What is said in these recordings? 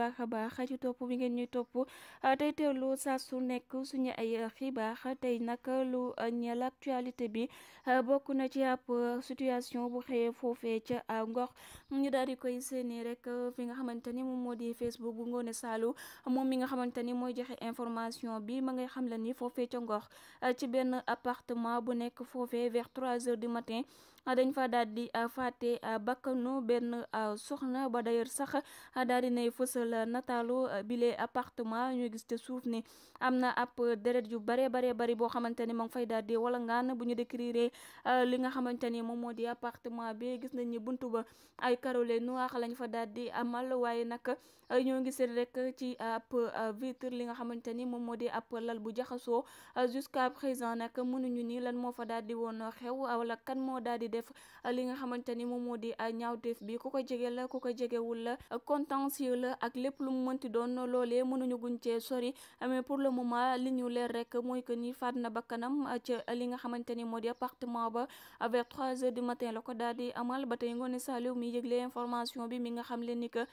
baax a baax ci topp bi ngeen topp ah, tey teewlu saa su nekk suñu ay xibaar tey nag lu ñeel actualité bi ah, bokk na ci ab situation bu xëyee foofee ca ah, ngox ñu daal di koy seeni rek fi nga xamante ni moom moo di Facebook bu Ngoone Saalu moom mi nga xamante ni mooy joxe information bi ma ngay xam la ni foofee ca Ngor ci benn appartement bu nekk foofee vers trois heures du matin dañ fa daal di fàtte bakkanu benn soxna ba sax daal nay fësal wala nataalu euh, bile appartement ñoo gis te suuf ne am na ab deret yu bare bare bari boo xamante ni ma ngi fay daal di wala ngaan bu ñu décrire euh, li nga xamante ni moom moo di appartement bi gis nañ ni buntu ba ay carreaux noirs lañ fa daal di amal waaye nag euh, ñoo ngi seen rek ci ab vitre li nga xamante ni moom moo di ab lal bu jaxasoo jusqu'à présent nag mënuñu ni lan moo fa daal di woon xew wala kan moo daal di def li nga xamante ni moom moo di ñaawteef bi ku ko jege la ku ko jegewul la contentieux la ak lépp lu mu mënti doon loolee mënuñu guñ cee sori mais pour le moment li ñu leer rek mooy que ni faat na bakkanam ca li nga xamante ni moo di appartement ba vers trois ko daal amal ba tey Ngoné Saliou mi yëgle information bi mi nga xam leen ni que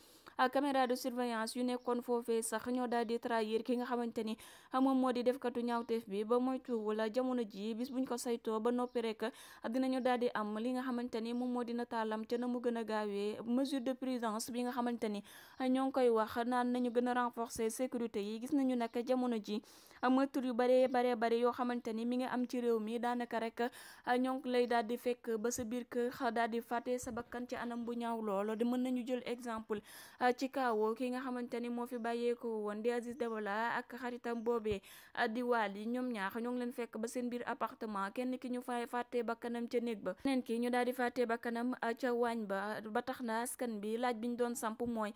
caméra de surveillance yu nekkoon foofee sax ñoo daal di trahir ki nga xamante ni moom moo di defkatu ñaawteef bi ba moytuwul jamono ji bis buñ ko saytoo ba noppi rek dinañu daal di am li nga xamante ni moom moo dina taalam ca na mu gën a gaawee mesure de prudence bi nga xamante ni ñoo koy koy wax naan nañu gën a renforcer sécurité yi gis nañu nag jamono ji meurtre yu bare bare bare yoo xamante ni mi ngi am ci réew mi daanaka rek ah, ñoo ngi lay daal di fekk ba sa biir kër ah, daal di fàtte sa bakkan ci anam bu ñaaw lool di mën nañu jël exemple ah, ci kaawoo ki nga xamante ni moo fi bàyyeekoo woon di Aziz Dabala ak xaritam boobee di waal yi ñoom ñaax ñoo ngi leen fekk ba seen biir appartement kenn ki ñu fay fàtte bakkanam ca néeg ba keneen ki ñu daal di fàtte kanam ca waañ ba ba tax na askan bi laaj bi doon samp mooy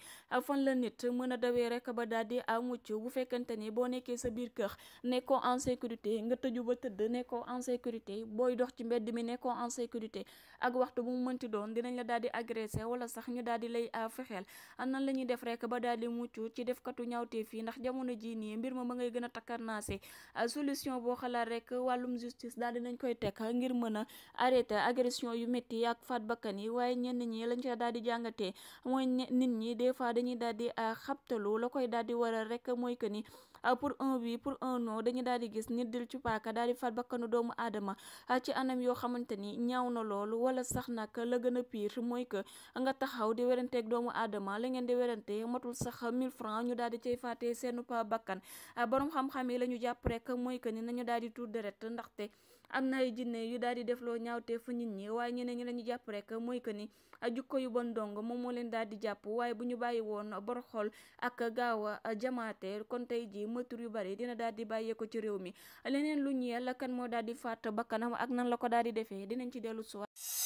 fan lan nit mën a dawee rek ba daal di a mucc bu fekkente ni boo nekkee sa biir kër nekkoo en sécurité nga tëju ba tëdd nekkoo en sécurité booy dox ci mbedd mi nekkoo en sécurité ak waxtu bu mu mënti doon dinañ la daal di agressé wala sax ñu daal di lay ah, fexeel nan la ñuy def rek ba daal di mucc ci defkatu ñaawteef fii ndax jamono jii nii mbir ma ma ngay gën a takkarnaase ah, solution boo xalaat rek wàllum justice daal nañ koy tekk ngir mën a arrêté agression yu métti ak faat yi waaye ñenn xabtaloo la koy daal di waral rek mooy que ni ah, pour un oui pour un non dañu daal di gis nit dil ci paaka daal di faat bakkanu doomu aadama ah, ci anam yoo xamante ni ñaaw na loolu wala sax nak la gën a pire mooy que nga taxaw di weranteeg doomu aadama la ngeen di werante matul sax 1000 francs ñu daal di cay faatee seen pa bakkan ah, borom xam-xam yi la ñu jàpp rek mooy que ni nañu daal di tuur deret ndaxte am na ay jinne yu daal di defloo ñaawte fu nit ñi waaye ñeneen ñi la ñu jàpp rek mooy que ni jukko yu bon dong moom moo leen daal di jàpp waaye bu ñu bàyyi woon bor xol ak gaaw a jamaate kon tey ji mëtur yu bari dina daal di bàyyee ko ci réew mi leneen lu la kan moo daal di faat bakkanam ak nan la ko daal di dinañ ci dellu si